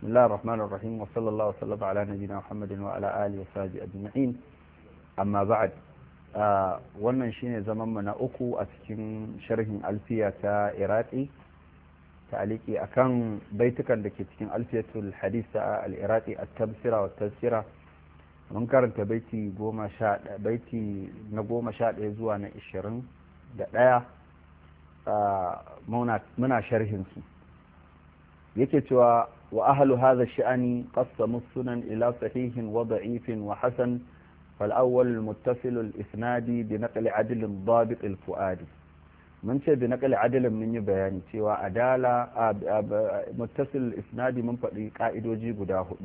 بسم الله الرحمن الرحيم وصلى الله وسلم على نبينا محمد وعلى آله وصحبه أجمعين أما بعد wannan shine zaman mu na uku a cikin sharhin alfiya ta iraki ta'aliki akan baitukan da ke cikin alfiyatul hadith ta al-iraqi at-tabsira wa tafsira mun karanta baiti goma sha baiti na goma sha ɗaya zuwa na ishirin da ɗaya muna sharhin su yake cewa وأهل هذا الشأن قسموا السنن إلى صحيح وضعيف وحسن فالأول المتصل الإسناد بنقل عدل ضابط الفؤاد من شيء بنقل عدل من يبيان سوى عدالة متصل الإسناد من فقري قائد وجيب داهد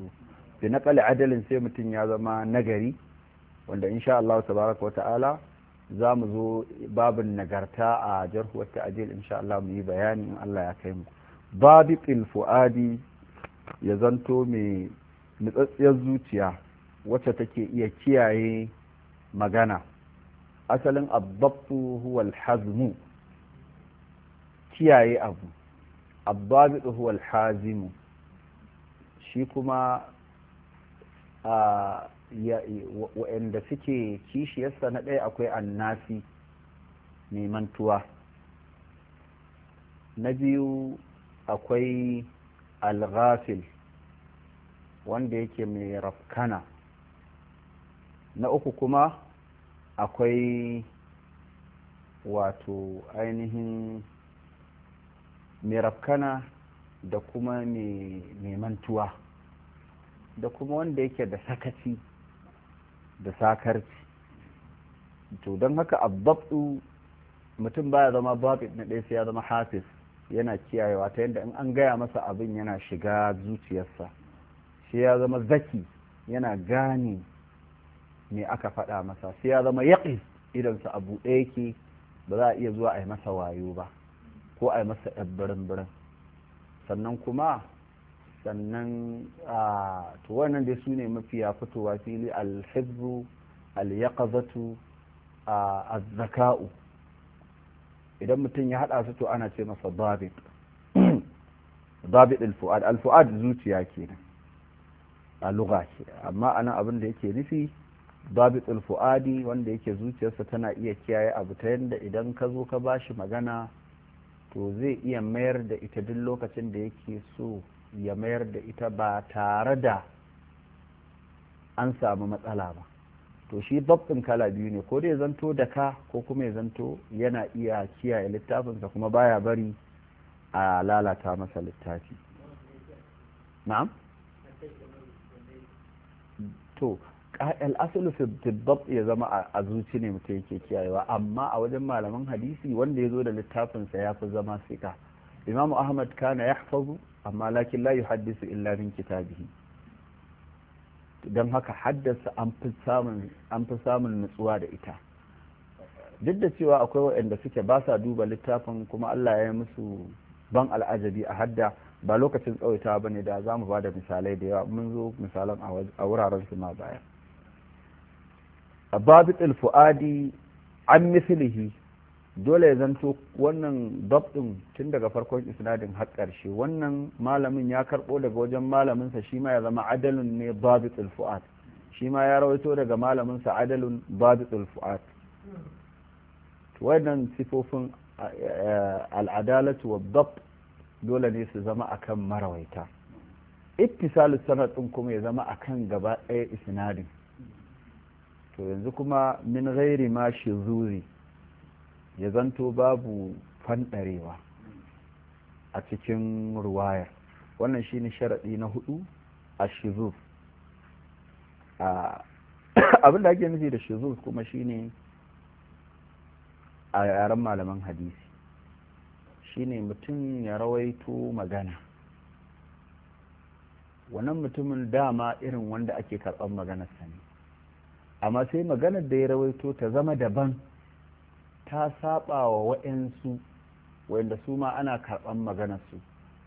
بنقل عدل سيمة يازما نجري wanda insha Allah tabaraka wa ta'ala za mu zo babin nagarta a jarhuwar ta'ajil insha Allah mu yi bayani in Allah ya kai mu babiqil fuadi ya zanto mai nutsatsiyar zuciya wacce take iya kiyaye magana asalin abbabtu huwal hazmu kiyaye abu abbabtu huwal hazimu shi kuma waɗanda suke kishiyarsa na ɗaya akwai annasi mai mantuwa na biyu akwai al wanda yake mai rafkana na uku kuma akwai wato ainihin mai rafkana da kuma mai mantuwa da kuma wanda yake da sakaci da sakarci to don haka abbabdu mutum baya zama babit na ɗaya sai ya zama hafiz yana kiyayewa ta yadda in an gaya masa abin yana shiga zuciyarsa sai ya zama zaki yana gane me aka faɗa masa sai ya zama yaƙi idansa a buɗe yake ba za a iya zuwa a yi masa wayo ba ko a yi masa ɗabbarin birin sannan kuma sannan a to wannan dai su ne mafiya fitowa fili alhibru alyaƙazatu a zakau idan mutum ya haɗa su to ana ce masa babi. dabit al-fu'ad al-fu'ad zuciya kenan a lugha amma anan abin da yake nufi Babu al-fu'adi wanda yake zuciyarsa tana iya kiyaye abu ta yanda idan ka zo ka bashi magana to zai iya mayar da ita duk lokacin da yake so ya mayar da ita ba tare da an samu matsala ba to shi dabbin kala biyu ne ko dai ya zanto da ka ko kuma ya zanto yana iya kiyaye littafinsa kuma baya bari a lalata masa littafi na'am to al'asulu fiddab ya zama a zuci ne mutum yake kiyayewa amma a wajen malaman hadisi wanda ya zo da littafinsa ya fi zama sika imamu ahmad kana ya amma lakin la yuhaddisu illa min kitabihi don haka haddasa an fi samun nutsuwa da ita duk da cewa akwai waɗanda suke ba sa duba littafin kuma Allah ya yi musu ban al'ajabi a hadda ba lokacin tsawaita ba ne da za mu ba da misalai da yawa mun zo misalan a wuraren su ma baya babu ilfu'adi an mislihi dole ya zanto wannan dab din tun daga farkon isnadin har ƙarshe wannan malamin ya karɓo daga wajen malaminsa shi ma ya zama adalun ne babu tsulfu'at shi ma ya rawaito daga malaminsa adalun babu fu'ad wannan sifofin al'adalatu wa dab dole ne su zama akan marawaita ittisalu sanad din kuma ya zama akan gaba ɗaya isnadin to yanzu kuma min ghairi ma shi zuri ya zanto babu fanɗarewa a cikin ruwayar wannan shi ne sharaɗi na hudu a shizuf abin da ake nufi da shizuf kuma shi ne a yaren malaman hadisi Shi ne mutum ya rawaito magana wannan mutumin dama irin wanda ake karɓar maganarsa ne amma sai maganar da ya rawaito ta zama daban ta saba wa waɗansu, wanda su ma ana karɓan maganarsu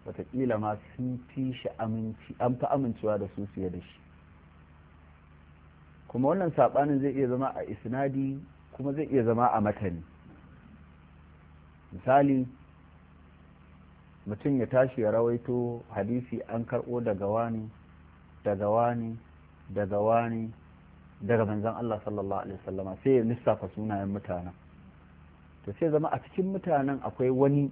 wataƙila ma sun fi shi aminci an fi amincewa da su fiye da shi kuma wannan saɓanin zai iya zama a isnadi kuma zai iya zama a matani misali mutum ya tashi ya rawaito hadisi an karɓo daga wani daga wani daga wani daga manzon Allah sallallahu alaihi wasallama sai ya lissafa sunayen mutanen to sai zama a cikin mutanen akwai wani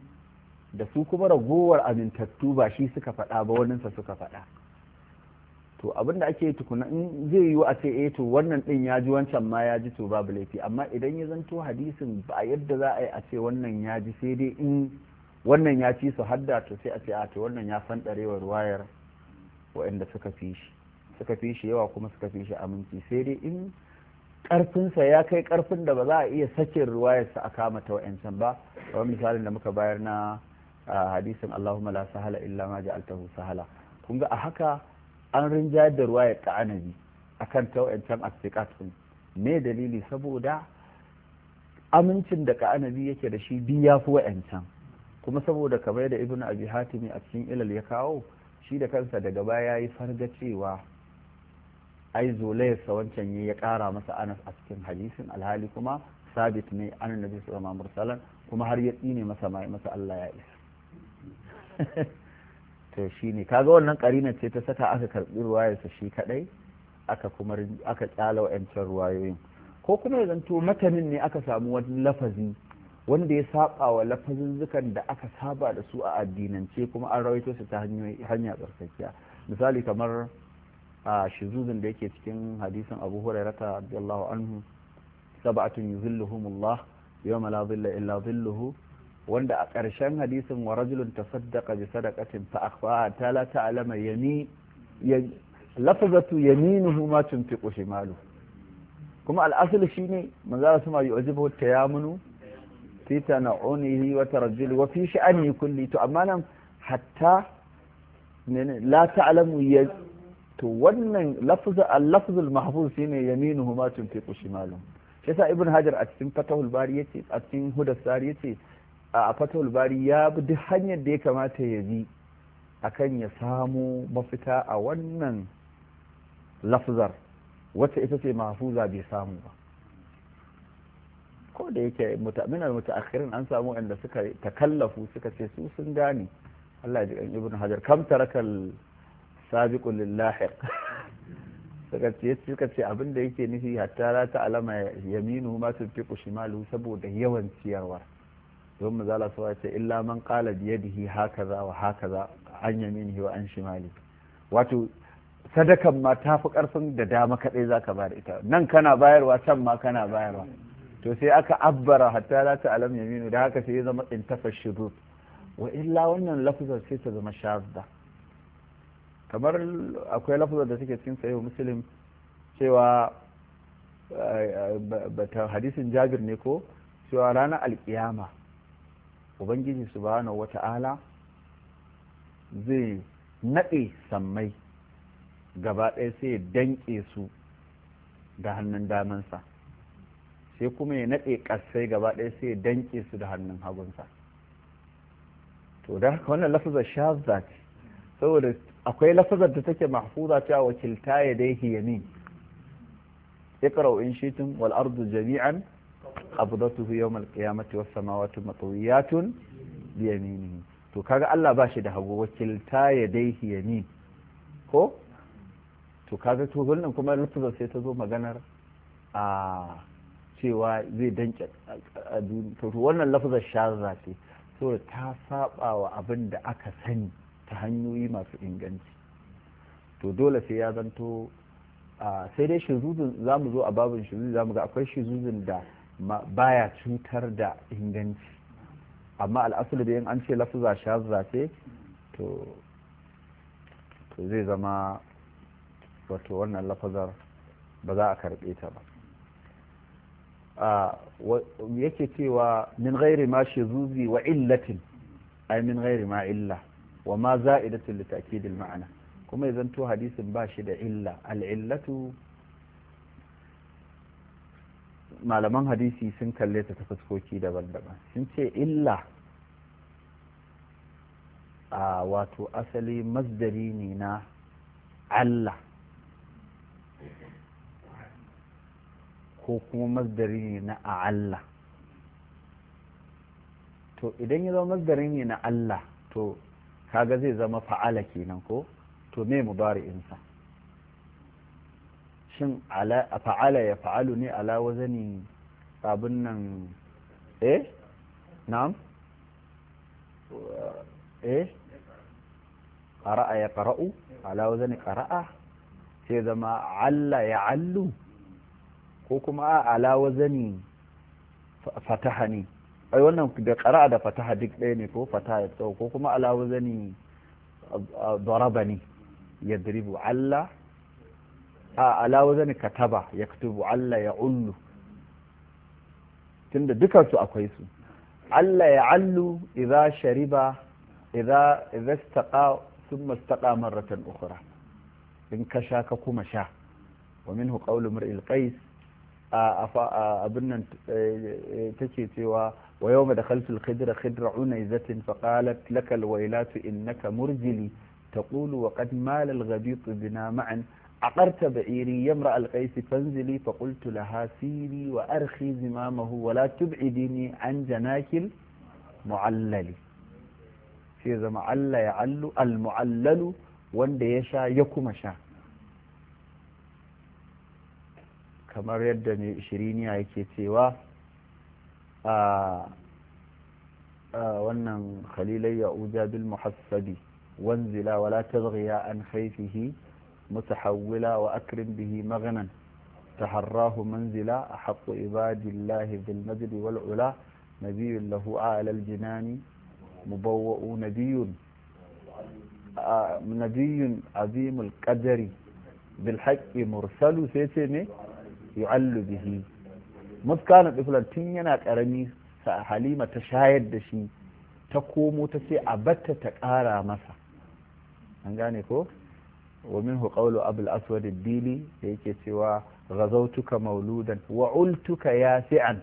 da su kuma ragowar amintattu ba shi suka faɗa ba waninsa suka faɗa to abin da ake tukuna in zai yiwu a ce eh to wannan din ya ji wancan ma ya ji to babu laifi amma idan ya zanto hadisin ba yadda za a yi a ce wannan ya ji sai dai in wannan ya ci su hadda to sai a ce a to wannan ya fanɗarewar wayar waɗanda suka fi shi suka fi shi yawa kuma suka fi shi aminci sai dai in ƙarfinsa ya kai ƙarfin da ba za a iya sakin ruwayarsa a kama ta wa'yancan ba kamar misalin da muka bayar na hadisin Allahumma la sahala illa ma ja'altahu sahala kun ga a haka an rinjayar da ruwayar ta anabi akan ta wa'yancan asiqat din me dalili saboda amincin da ka anabi yake da shi bi ya fi wa'yancan kuma saboda kamar da ibnu abi hatimi a cikin ilal ya kawo shi da kansa daga baya ya yi fargacewa. ai sa wancan ya kara masa anas a cikin hadisin alhali kuma sabit ne an nabi alaihi mursalan kuma har ya tsine masa mai masa Allah ya isa to shine kaga wannan karina ce ta saka aka karbi ruwayarsa shi kadai aka kuma aka kyala wa'ancan ruwayoyin ko kuma ya zanto matanin ne aka samu wani lafazi wanda ya saba wa zukan da aka saba da su a addinance kuma an rawaito su ta hanya tsarkakiya misali kamar a shizuzin da yake cikin hadisin abu hurairata radiyallahu anhu sab'atun yuzilluhumullah yawma la dhilla illa dhilluhu wanda a ƙarshen hadisin wa rajulun tasaddaqa bi sadaqatin fa akhfaha ta la ta'lama yami lafazatu yaminuhu ma tunfiqu shimalu kuma al'asul shine manzo Allah sama yu'jibu tayamunu fi tana'unihi wa tarajjuli wa fi sha'ani kulli to amma nan hatta la ta'lamu to wannan lafzul mahfuz shine yaminuhu ma tunfiqu shimalun shi yasa ibn hajar a cikin fatahul bari yace a cikin hudar yace a fatahul bari ya bi duk hanyar da ya kamata ya bi akan ya samu mafita a wannan lafzar wacce ita ce mahfuza bai samu ba ko da yake mutaminar mutaakhirin an samu inda suka takallafu suka ce su sun gane Allah ya ji ibn hajar kam tarakal sabiqun lillahi. Saka ce suka ce abin da yake nufi hatta la ta alama yaminu ma tunfiqu shimalu saboda yawan ciyarwa don mu zala su ce illa man qala bi yadihi hakaza wa hakaza an yaminihi wa an shimali wato sadakan ma ta fi karfin da dama kadai zaka ba da ita nan kana bayarwa can ma kana bayarwa to sai aka abbara hatta la ta alama yaminu da haka sai ya zama intafa shurut wa illa wannan lafazar sai ta zama shadda kamar akwai lafazar da suke cikin sahihu muslim cewa eh, eh, bata hadisin jabir ne ko cewa ranar alkiyama ubangiji subhanahu wata'ala zai naɗe sammai gaba ɗaya sai ya danƙe su da hannun damansa sai kuma ya naɗe ƙasai gaba ɗaya sai ya danƙe su da hannun hagunsa to da haka wannan lafazar shazza ce saboda akwai lafazar da take mahfuza cewa wakilta ya daihi yamin iqra'u in shi'tum wal ardu jami'an abdatuhu yawm al qiyamati was samawati matwiyatun bi yamini to kaga Allah ba shi da hagu wakilta ya daihi yamin ko to kaga to wannan kuma lafazar sai ta zo maganar a cewa zai danke to wannan lafazar shaza ce to ta saba wa abin da aka sani ta hanyoyi masu inganci to dole sai ya zanto sai dai shizuzun za mu zo a babin shizuzun za mu ga akwai shizuzun da baya cutar da inganci amma al'asul da yin an ce lafuza shazza ce to zai zama wato wannan lafazar ba za a karɓe ta ba yake cewa min gairi ma shizuzi wa illatin ai min gairi ma illa wa ma za'idatul litakidil ma'ana kuma zanto hadisin ba shi da illa al'illatu malaman hadisi sun kalle ta ta fuskoki daban-daban sun ce illa a wato asali masdari ne na Allah ko kuma masdari ne na Allah to idan ya zama masdari ne na Allah to kaga zai zama fa'ala kenan ko to me insa? shin fa'ala ya fa'alu ne ala wazanin abin nan eh na'am eh ƙara'a ya ƙara'u ala wazanin ƙara'a sai zama alla ya allu ko kuma a ala wazanin fataha ne ai wannan da qara'a da fataha duk ɗaya ne ko fataha ya tsawo ko kuma alahu zani darabani yadribu alla a alahu zani kataba yaktubu alla ya ullu tunda dukan su akwai su Allah ya allu idza shariba idza idza staqa thumma staqa marratan ukhra in ka sha ka kuma sha wa minhu qawlu mar'il qais a abin nan eh, eh, take cewa ويوم دخلت الخدر خدر عنيزة فقالت لك الويلات إنك مرجلي تقول وقد مال الغبيط بنا معا عقرت بعيري يمرأ القيس فانزلي فقلت لها سيري وأرخي زمامه ولا تبعديني عن جناك المعلل في معل يعل المعلل وند يشا يكما شا kamar yadda mai shiriniya yake cewa wannan khalilai ya uja bil muhassabi wanzila wala tadghiya an khayfihi متحولا وأكرم به مغنا تحراه منزلا أحق عباد الله بالمجد والعلا نبي له أعلى الجنان مبوء نبي آه، نبي عظيم القدر بالحق مرسل سيتمي يعل به muskana ɗiflan tun yana ƙarami sa halima ta shayar da shi ta komo ta ce a batta ta ƙara masa an gane ko wa hu qawlu abul aswad dili da yake cewa razautuka mauludan wa ultuka yasi'an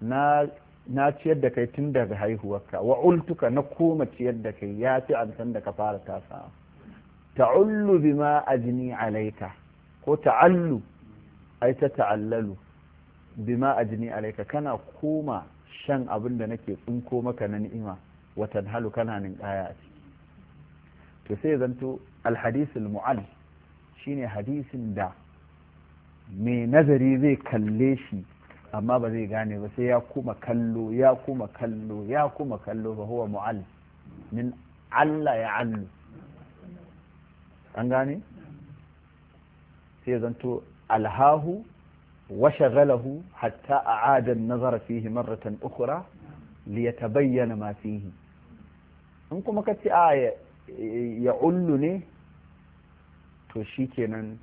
na na ciyar da kai tun daga haihuwarka wa ultuka na koma ciyar da kai ya fi an san da ka fara tasa ta'ullu bima ajni alaika ko ta'allu ai ta ta'allalu bima ajni alaika kana koma shan abin da nake tsinko maka na ni'ima wa tanhalu kana nin kaya a to sai zanto alhadisul mu'al shine hadisin da mai nazari zai kalle shi amma ba zai gane ba sai ya kuma kallo ya kuma kallo ya kuma kallo ba huwa mu'al min Allah ya allu an gane sai zanto alhahu وشغله حتى أعاد النظر فيه مرة أخرى ليتبين ما فيه انكم كتي آية يعلني تشيكنا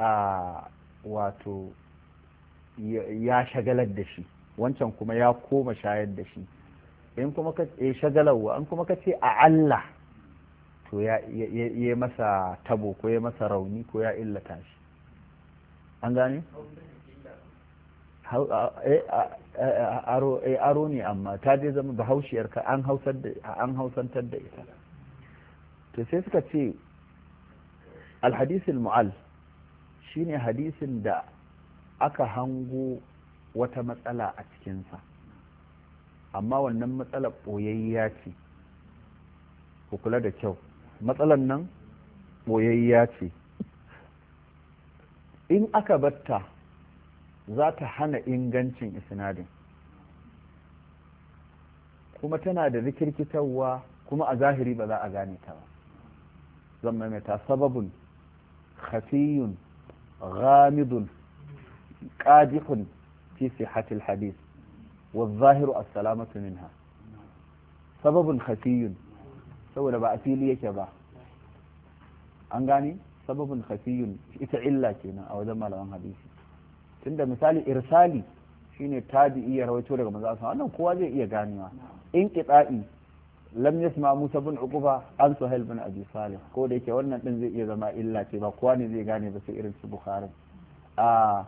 آه واتو ya shagalar da shi wancan kuma ya koma shayar da shi in kuma ka ce shagalarwa an kuma ka ce a Allah to ya masa tabo ko ya masa rauni ko ya illata shi an gane eh, aro ne amma ta dai zama bahaushiyar ka an hausantar da ita to sai suka ce alhadisin mu'al shine hadisin da aka hango wata matsala a cikinsa amma wannan matsala ɓoyayya ce ku kula da kyau matsalan nan ɓoyayya ce in aka batta za ta hana ingancin isnadin kuma tana da rikirkitarwa kuma a zahiri ba za a gane ta ba zan maimaita sababun khafiyun ghamidun qadihun fi sihhatil hadith والظاهر السلامة منها sababin khafiyun saboda ba a fili yake ba an gane. sababin khafiyun ita illa kenan a wajen malaman hadisi tunda misali irsali shine tabi'i ya rawaito daga manzo sallallahu wannan kowa zai iya ganewa in qita'i lam yasma Musa bin Uqba an Suhail bin Abi Salih ko da yake wannan din zai iya zama illa ce ba kowa ne zai gane ba sai irin su Bukhari a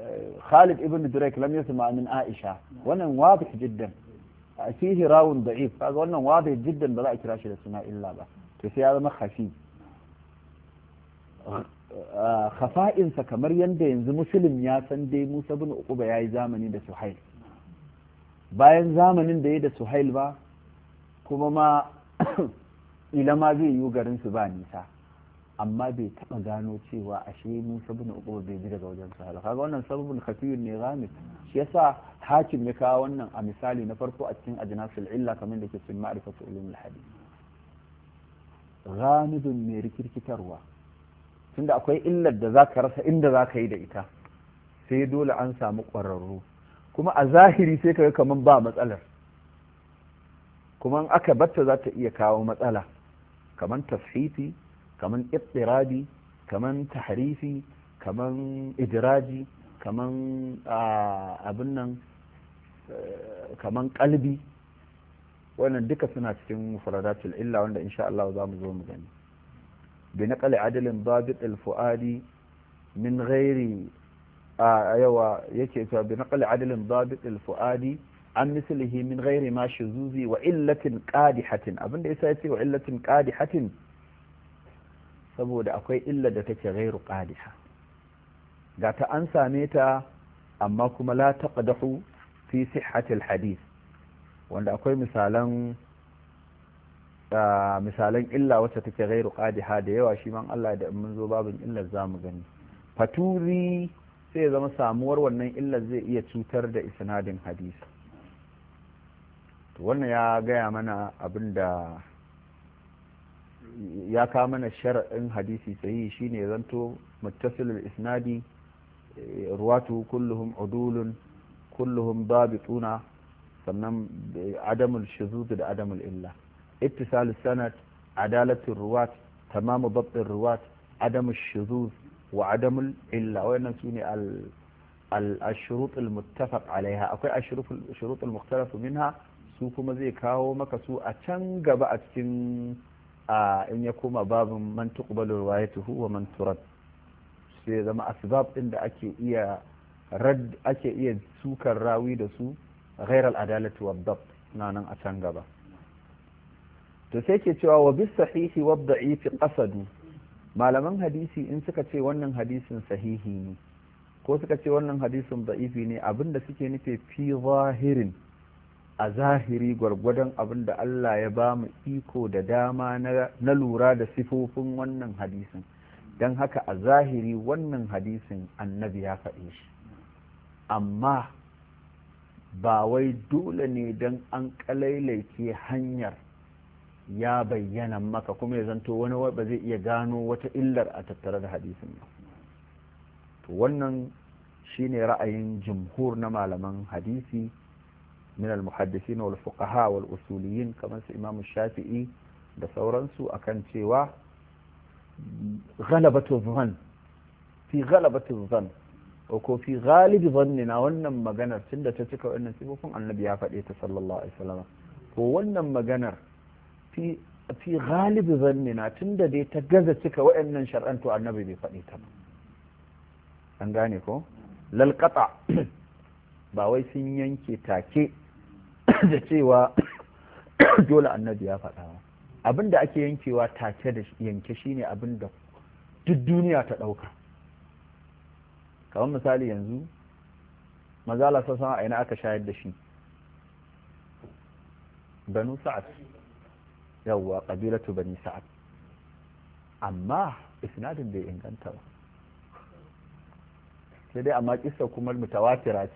eh, Khalid ibn Durayk lam yasma min Aisha wannan wadih jiddan fihi rawun da'if kaga wannan wadih jiddan ba za a kira shi da suna illa ba to sai ya zama khafi khafa'insa kamar yadda yanzu musulun ya san dai musa bin uquba ya yi zamani da suhail bayan zamanin da ya da suhail ba kuma ma ila ma zai yi garin su ba nisa amma bai taba gano cewa ashe musa bin uquba bai ji daga wajen suhail kaga wannan sababin khafiyun ne shi yasa hakim ya kawo wannan a misali na farko a cikin ajnasul illa kamar da ke cikin ma'rifatu ulumul hadith ghamidun mai rikirkitarwa tunda akwai illar da za ka rasa inda za ka yi da ita sai dole an samu ƙwararru kuma a zahiri sai ka ga kamar ba matsalar kuma in aka batta za ta iya kawo matsala kamar tafhiti kamar ƙirƙirabi kamar tahrifi kamar idiraji kamar abin nan eh, kamar kalbi wannan duka suna cikin faradatul illa wanda insha Allah za mu zo mu gani بنقل عدل ضابط الفؤاد من غير ايوه an mislihi min ghairi ma shuzuzi wa illatin qadihatin abinda yasa yace wa illatin qadihatin saboda akwai illa da take ghairu qadiha ga ta an same ta amma kuma la dahu fi sihhati hadis wanda akwai misalan misalan illa wacce take gairu qadiha da yawa shi man Allah da mun zo babin illar zamu gani faturi sai zama samuwar wannan illar zai iya cutar da isnadin hadisi to wannan ya gaya mana abin da ya ka mana shar'in hadisi sahihi shine zanto muttasilul isnadi ruwatu kulluhum udulun kulluhum dabituna sannan adamul shuzud da adamul illa ittisalus sanad adalatul ruwat tamamu babin ruwat adamu shuzuz wa illa wannan sune ne al-shurut alaiha akwai al-shurut al-mukhtalafu minha su kuma zai kawo maka su a can gaba a cikin in ya koma babin man tuqbalu riwayatuhu wa man sai zama asbab din da ake iya sukar rawi da su ghairal adalatu wa dabt nan a can gaba to sai ke cewa wa bis sahihi wa da'ifi qasadu malaman hadisi in suka ce wannan hadisin sahihi ne ko suka ce wannan hadisin da'ifi ne abinda suke nufi fi zahirin a zahiri gwargwadon abin da Allah ya ba mu iko da dama na lura da sifofin wannan hadisin don haka a zahiri wannan hadisin annabi ya faɗe shi amma ba wai dole ne don an ƙalailaike hanyar ya bayyana maka kuma ya zanto wani ba zai iya gano wata illar a tattare da hadisin ba to wannan shine ra'ayin jumhur na malaman hadisi min al-muhaddisin wal fuqaha wal usuliyin kamar su imam shafi'i da sauransu akan cewa ghalabatu dhann fi ghalabatu dhann ko fi ghalibi dhannina wannan maganar tunda ta cika wannan sifofin annabi ya faɗe ta sallallahu alaihi wasallam ko wannan maganar fi fi galibi na tunda dai ta gaza cika waɗannan shar'an to annabi bai faɗi ta ba an gane ko lalqata ba wai sun yanke take da cewa dole annabi ya fada ba abin da ake yankewa take da yanke shine abin da duk duniya ta ɗauka kamar misali yanzu mazala sassan a ina aka shayar da shi banu sa'ad yawwa ƙabilatu bani sa'ad amma isnadin bai inganta ba sai dai amma kissa kuma mutawatira ce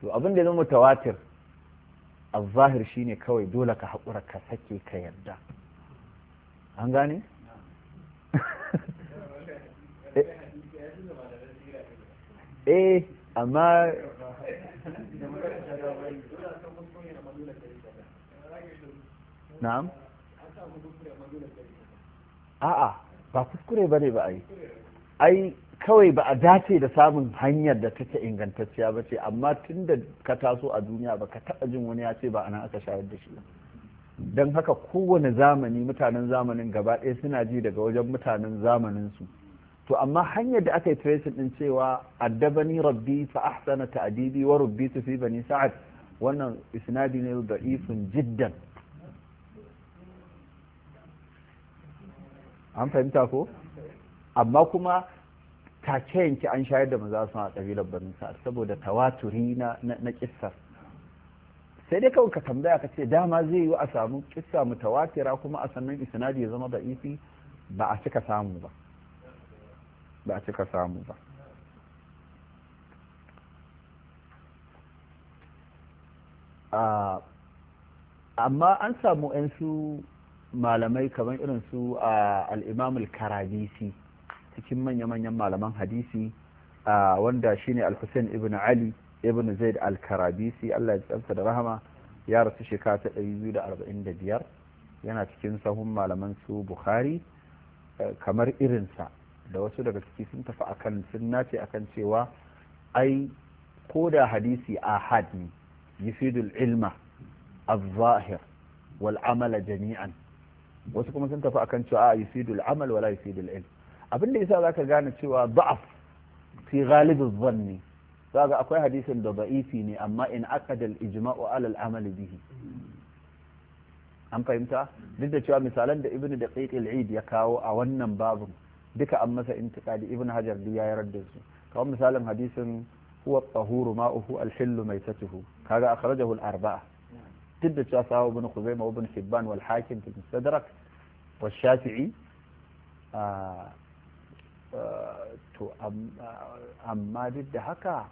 to abin da ya zama mutawatir Abahir zahir shine kawai dole ka haƙura ka sake ka yarda an gane? eh amma na'am a'a ba kuskure bane ba ai ai kawai ba a dace da samun hanyar da take ingantacciya ba ce amma tun da ka taso a duniya ba ka taɓa jin wani ya ce ba anan aka shayar da shi don haka kowane zamani mutanen zamanin gaba ɗaya suna ji daga wajen mutanen zamanin su to amma hanyar da aka yi tracing din cewa addabani rabbi fa ahsana ta'dibi wa rabbi fi bani sa'ad wannan isnadi ne da'ifun jiddan an fahimta ko amma kuma take yanki an shayar da maza su a ƙabilar banin sa'ad saboda tawaturi na na kissar sai dai kawai ka tambaya ka ce dama zai yi a samu kissa tawatira kuma a sannan isnadi ya zama da ifi ba a cika samu ba ba a cika samu ba ah, amma an samu 'yan malamai kamar irin su al-imam al cikin manya-manyan malaman hadisi wanda shine al-hussein ibn ali ibn zaid al-karabisi Allah ya tsamsa da rahama ya rasu shekara ta 245 yana cikin sahun malaman su bukhari eh, kamar irinsa da wasu daga ciki sun tafi akan sun akan cewa ai ko da hadisi ahad ne yufidul ilma al-zahir wal amala jami'an wasu kuma sun tafi akan cewa a yusidul amal wala yusidul ilm abin da za zaka gane cewa da'af fi ghalibiz zanni ga akwai hadisin da da'ifi ne amma in akada al ijma'u ala al amal bihi an fahimta duk da cewa misalan da ibnu daqiq al eid ya kawo a wannan babun duka an masa intiqadi ibnu hajar duk ya yarda su kawai misalin hadisin huwa tahuru ma'uhu al-hillu maitatuhu kaga akhrajahu al-arba'a duk da cewa sahabu ibn Khuzaimah ibn Hibban wal Hakim fi Mustadrak wal Shafi'i to amma duk da haka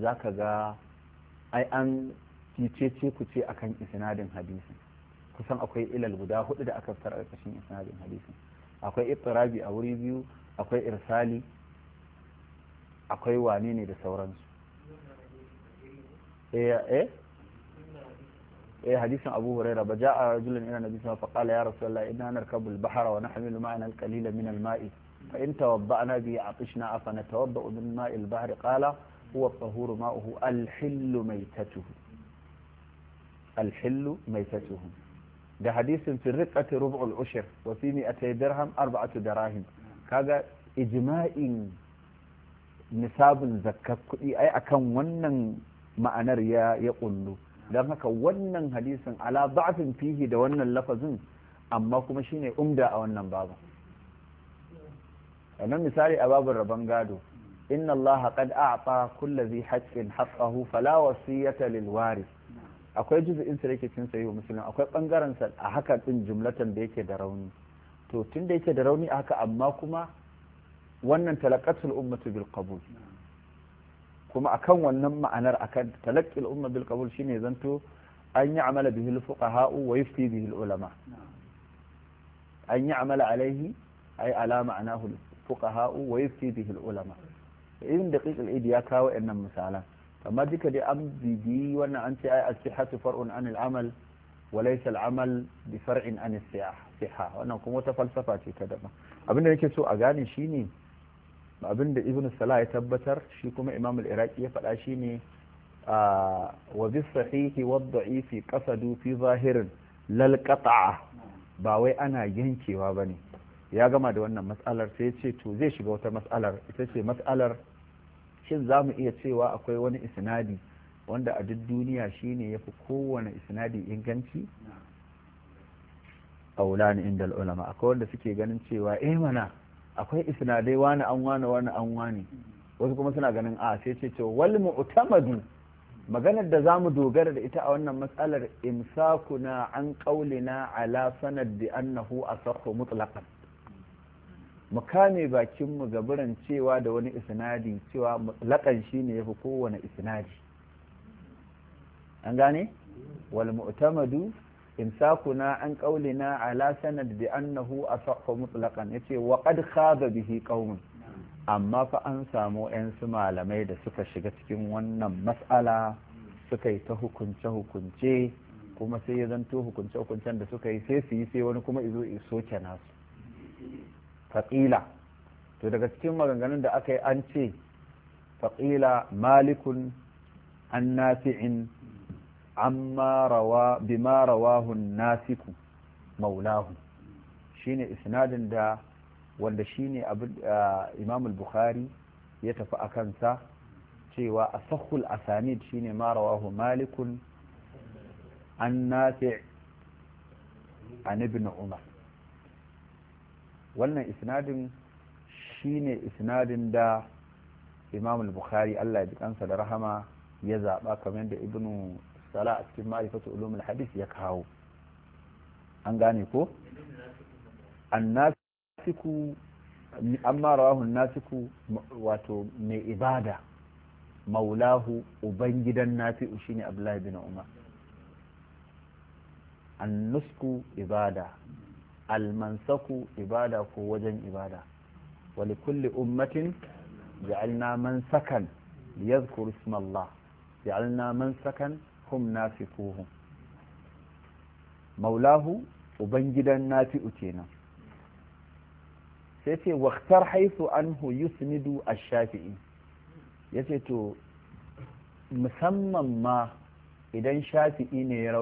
zaka ga ai an cece ku ce akan isnadin hadisin kusan akwai ilal guda hudu da aka fitar a ƙarƙashin isnadin hadisin akwai ittirabi a wuri biyu akwai irsali akwai wane da sauransu eh hadisin Abu Hurairah ba ja'a rajulun ila nabi sallallahu alaihi wasallam ya rasulullah inna narkabu al-bahra wa nahmilu ma'ana al-qalila min al-ma'i fa in tawabba'na bi atishna afa natawabba'u min ma'i al-bahri qala huwa tahuru ma'uhu al-hillu maytatuhu al-hillu maytatuhu da hadisin fi riqati rub'ul ushr wa fi mi'atay dirham arba'atu kaga ijima'in nisabin zakkar kuɗi ai akan wannan ma'anar ya ya don haka wannan hadisin ala ba'afin fihi da wannan lafazin amma kuma shine umda a wannan babu sannan misali a babin rabon gado inna allaha qad a'ta kulli dhi haqqin haqqahu fala wasiyata lil waris akwai juz'in sa yake cin sayi musulun akwai bangaren sa a haka din jumlatan da yake da rauni to tunda yake da rauni a haka amma kuma wannan talaqatul ummatu bil qabul kuma akan wannan ma'anar akan talaqqil umma bil qabul shine zanto an yi amala bihi al fuqaha wa yufti bihi ulama an yi amala alaihi ay ala ma'anahu al fuqaha wa yufti bihi ulama irin daqiq al idi ya kawo wannan misalan amma duka dai an bibi wannan an ce ai as-sihhatu far'un an al amal وليس العمل بفرع عن الصحة wannan kuma wata falsafa ce ta daban abinda da nake so a gane shine abinda ibn salah ya tabbatar shi kuma imam al-iraqi ya faɗa shi ne wa bis sahihi wa da'ifi qasadu fi zahirin lal qata'a ba wai ana yankewa bane ya gama da wannan matsalar sai ya ce to zai shiga wata matsalar ita ce matsalar shin za mu iya cewa akwai wani isnadi wanda a duk duniya shine yafi kowane isnadi inganci aulani inda ulama akwai wanda suke ganin cewa eh mana akwai isnadai wani an wani wani an wani wasu kuma suna ganin a ah, sai ce ce wal mu'tamadu maganar da za mu dogara da ita a wannan matsalar imsakuna an qaulina ala sanad bi annahu asahhu mutlaqan mu kame bakin mu gaburan cewa da wani isnadi cewa mutlakan shine yafi kowane isnadi an gane wal mu'tamadu sakuna an qaulina ala sanad bi annahu asahhu mutlaqan yace wa qad khaba bihi qaumun amma fa an samu yansu malamai da suka shiga cikin wannan mas'ala suka yi ta hukunce hukunce kuma sai ya zanto hukunce hukuncen da suka yi sai su yi sai wani kuma izo iso kenan su faqila to daga cikin maganganun da aka yi an ce faqila malikun an amma rawa bima rawahu nasiku maulahu shine isnadin da wanda shine ah, Imam bukhari ya tafi a kansa cewa asahul asanid shine ma rawahu malikun an nafi' an ibn Umar wannan isnadin shine isnadin da Imam bukhari Allah ya ji kansa da rahama ya zaɓa kamar da ibnu sala a cikin ma'rifatu ulumul ya kawo an gane ko annasiku amma rawahu nasiku wato mai ibada maulahu ubangidan nafi'u shine abdullahi bin umar annusku ibada almansaku ibada ko wajen ibada wani kulle ummatin ja'alna sakan liyadhkuru isma Allah ja'alna sakan. hum nafiquhum maulahu ubangidan nafi'u kenan sai ce waktar haifu anhu yusnidu ash-shafi'i yace to musamman ma idan shafi'i ne ya